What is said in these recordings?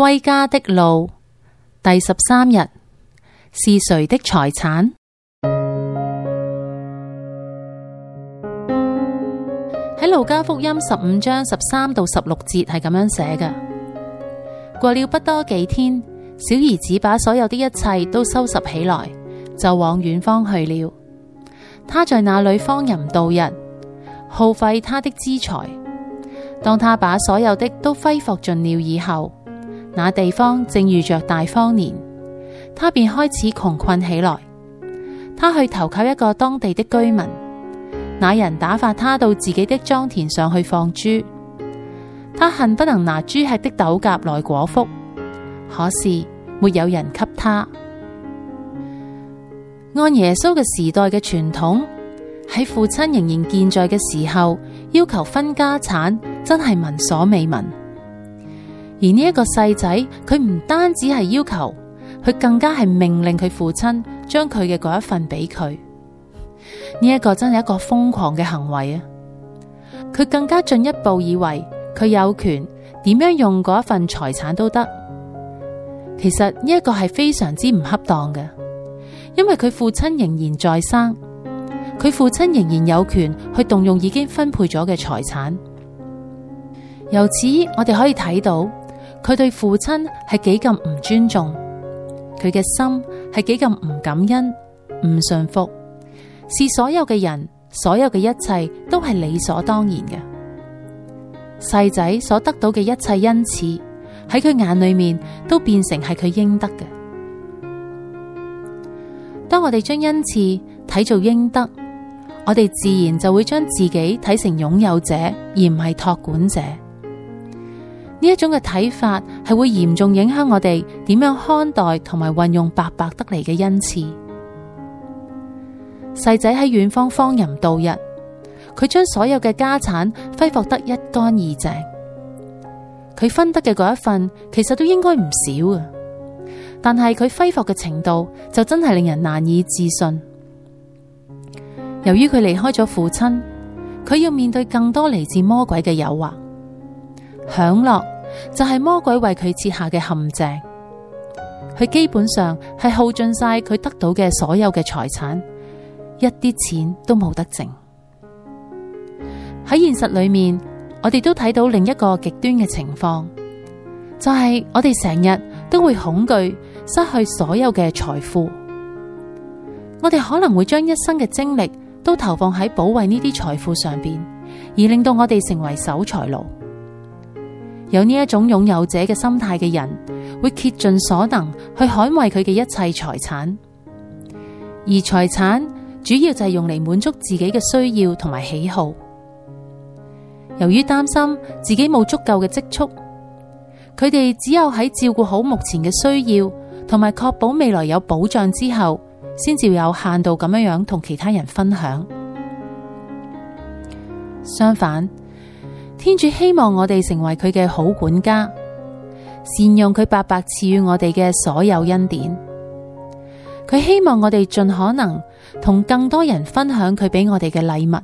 歸家的路，第十三日，是誰的財產？喺路 加福音十五章十三到十六節係咁樣寫嘅。過 了不多幾天，小兒子把所有的一切都收拾起來，就往遠方去了。他在那裡荒淫度日，耗費他的資財。當他把所有的都揮霍盡了以後，那地方正遇着大荒年，他便開始窮困起來。他去投靠一個當地的居民，那人打發他到自己的莊田上去放豬。他恨不能拿豬吃的豆莢來果腹，可是沒有人給他。按耶穌嘅時代嘅傳統，喺父親仍然健在嘅時候要求分家產，真係聞所未聞。而呢一個細仔，佢唔單止係要求，佢更加係命令佢父親將佢嘅嗰一份俾佢。呢一個真係一個瘋狂嘅行為啊！佢更加進一步以為佢有權點樣用嗰一份財產都得。其實呢一個係非常之唔恰當嘅，因為佢父親仍然在生，佢父親仍然有權去動用已經分配咗嘅財產。由此我哋可以睇到。佢對父親係幾咁唔尊重，佢嘅心係幾咁唔感恩、唔馴服，視所有嘅人、所有嘅一切都係理所當然嘅。細仔所得到嘅一切恩賜，喺佢眼裏面都變成係佢應得嘅。當我哋將恩賜睇做應得，我哋自然就會將自己睇成擁有者，而唔係託管者。呢一種嘅睇法係會嚴重影響我哋點樣看待同埋運用白白得嚟嘅恩賜。細仔喺遠方荒淫度日，佢將所有嘅家產揮霍得一乾二淨。佢分得嘅嗰一份其實都應該唔少啊，但係佢揮霍嘅程度就真係令人難以置信。由於佢離開咗父親，佢要面對更多嚟自魔鬼嘅誘惑。享樂就係魔鬼為佢設下嘅陷阱，佢基本上係耗盡晒佢得到嘅所有嘅財產，一啲錢都冇得剩。喺現實裏面，我哋都睇到另一個極端嘅情況，就係我哋成日都會恐懼失去所有嘅財富，我哋可能會將一生嘅精力都投放喺保衛呢啲財富上邊，而令到我哋成為守財奴。有呢一種擁有者嘅心態嘅人，會竭盡所能去捍衛佢嘅一切財產，而財產主要就係用嚟滿足自己嘅需要同埋喜好。由於擔心自己冇足夠嘅積蓄，佢哋只有喺照顧好目前嘅需要，同埋確保未來有保障之後，先至有限度咁樣同其他人分享。相反，天主希望我哋成為佢嘅好管家，善用佢白白賜予我哋嘅所有恩典。佢希望我哋盡可能同更多人分享佢俾我哋嘅禮物，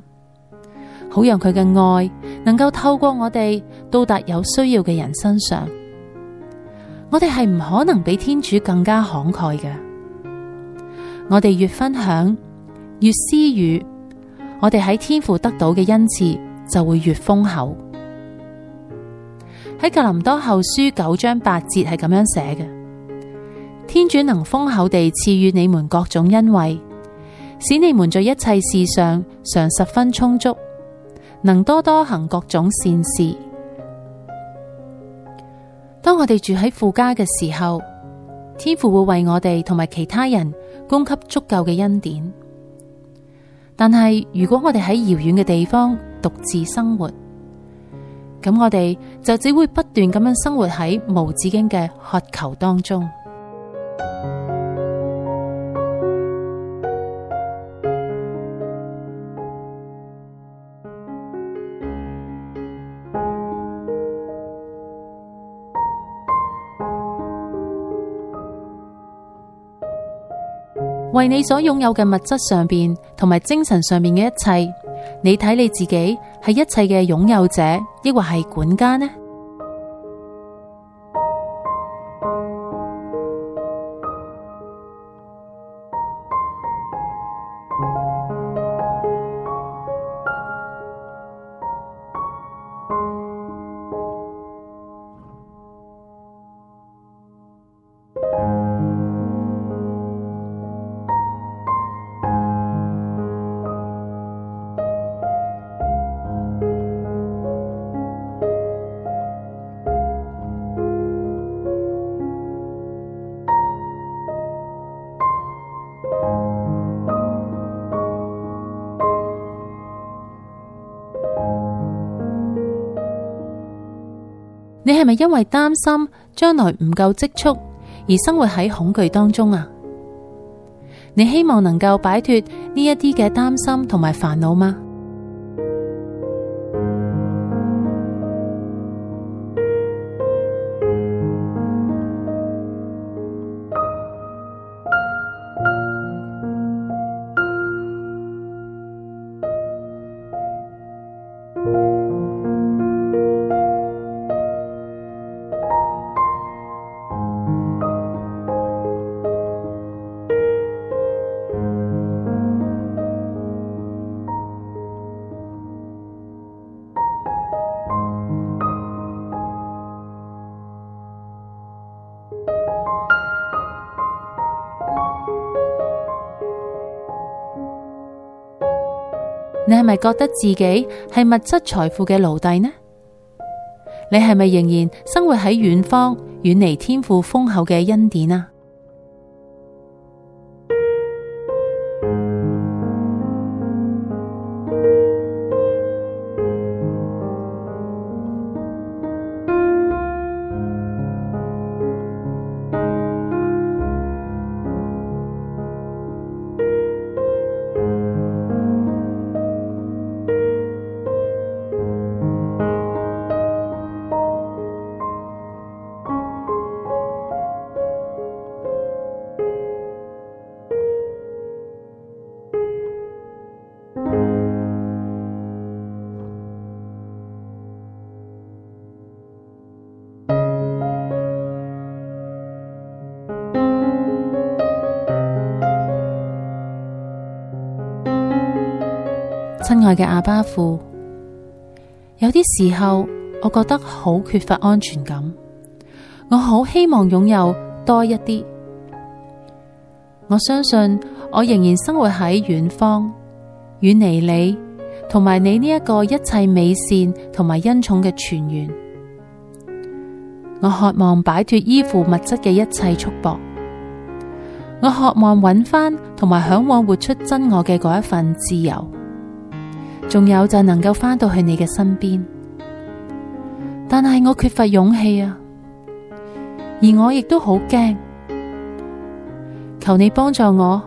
好讓佢嘅愛能夠透過我哋到達有需要嘅人身上。我哋係唔可能比天主更加慷慨嘅。我哋越分享越施予，我哋喺天父得到嘅恩賜就會越豐厚。喺格林多後書九章八節係咁樣寫嘅：天主能豐厚地賜予你們各種恩惠，使你們在一切事上常十分充足，能多多行各種善事。當我哋住喺父家嘅時候，天父會為我哋同埋其他人供給足夠嘅恩典。但係如果我哋喺遙遠嘅地方獨自生活，咁我哋就只會不斷咁樣生活喺無止境嘅渴求當中，為你所擁有嘅物質上面同埋精神上面嘅一切。你睇你自己係一切嘅擁有者，抑或係管家呢？你係咪因為擔心將來唔夠積蓄而生活喺恐懼當中啊？你希望能夠擺脫呢一啲嘅擔心同埋煩惱嗎？你係咪覺得自己係物質財富嘅奴隸呢？你係咪仍然生活喺遠方，遠離天父豐厚嘅恩典啊？愛嘅阿爸父，有啲時候我覺得好缺乏安全感，我好希望擁有多一啲。我相信我仍然生活喺遠方，遠離你同埋你呢一個一切美善同埋恩寵嘅泉源。我渴望擺脫依附物質嘅一切束縛，我渴望搵返同埋向往活出真我嘅嗰一份自由。仲有就能夠翻到去你嘅身邊，但係我缺乏勇氣啊，而我亦都好驚。求你幫助我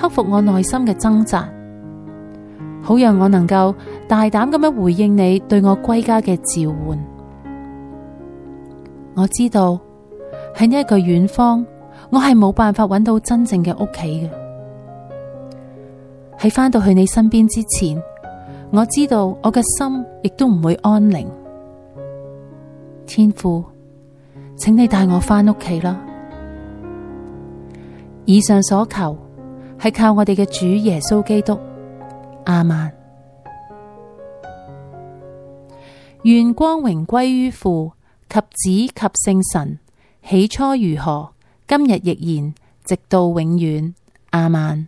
克服我內心嘅掙扎，好讓我能夠大膽咁樣回應你對我歸家嘅召喚。我知道喺呢一個遠方，我係冇辦法揾到真正嘅屋企嘅。喺翻到去你身邊之前，我知道我嘅心亦都唔會安寧，天父，請你帶我翻屋企啦。以上所求，係靠我哋嘅主耶穌基督。亞孟，願光榮歸於父及子及聖神，起初如何，今日亦然，直到永遠。亞孟。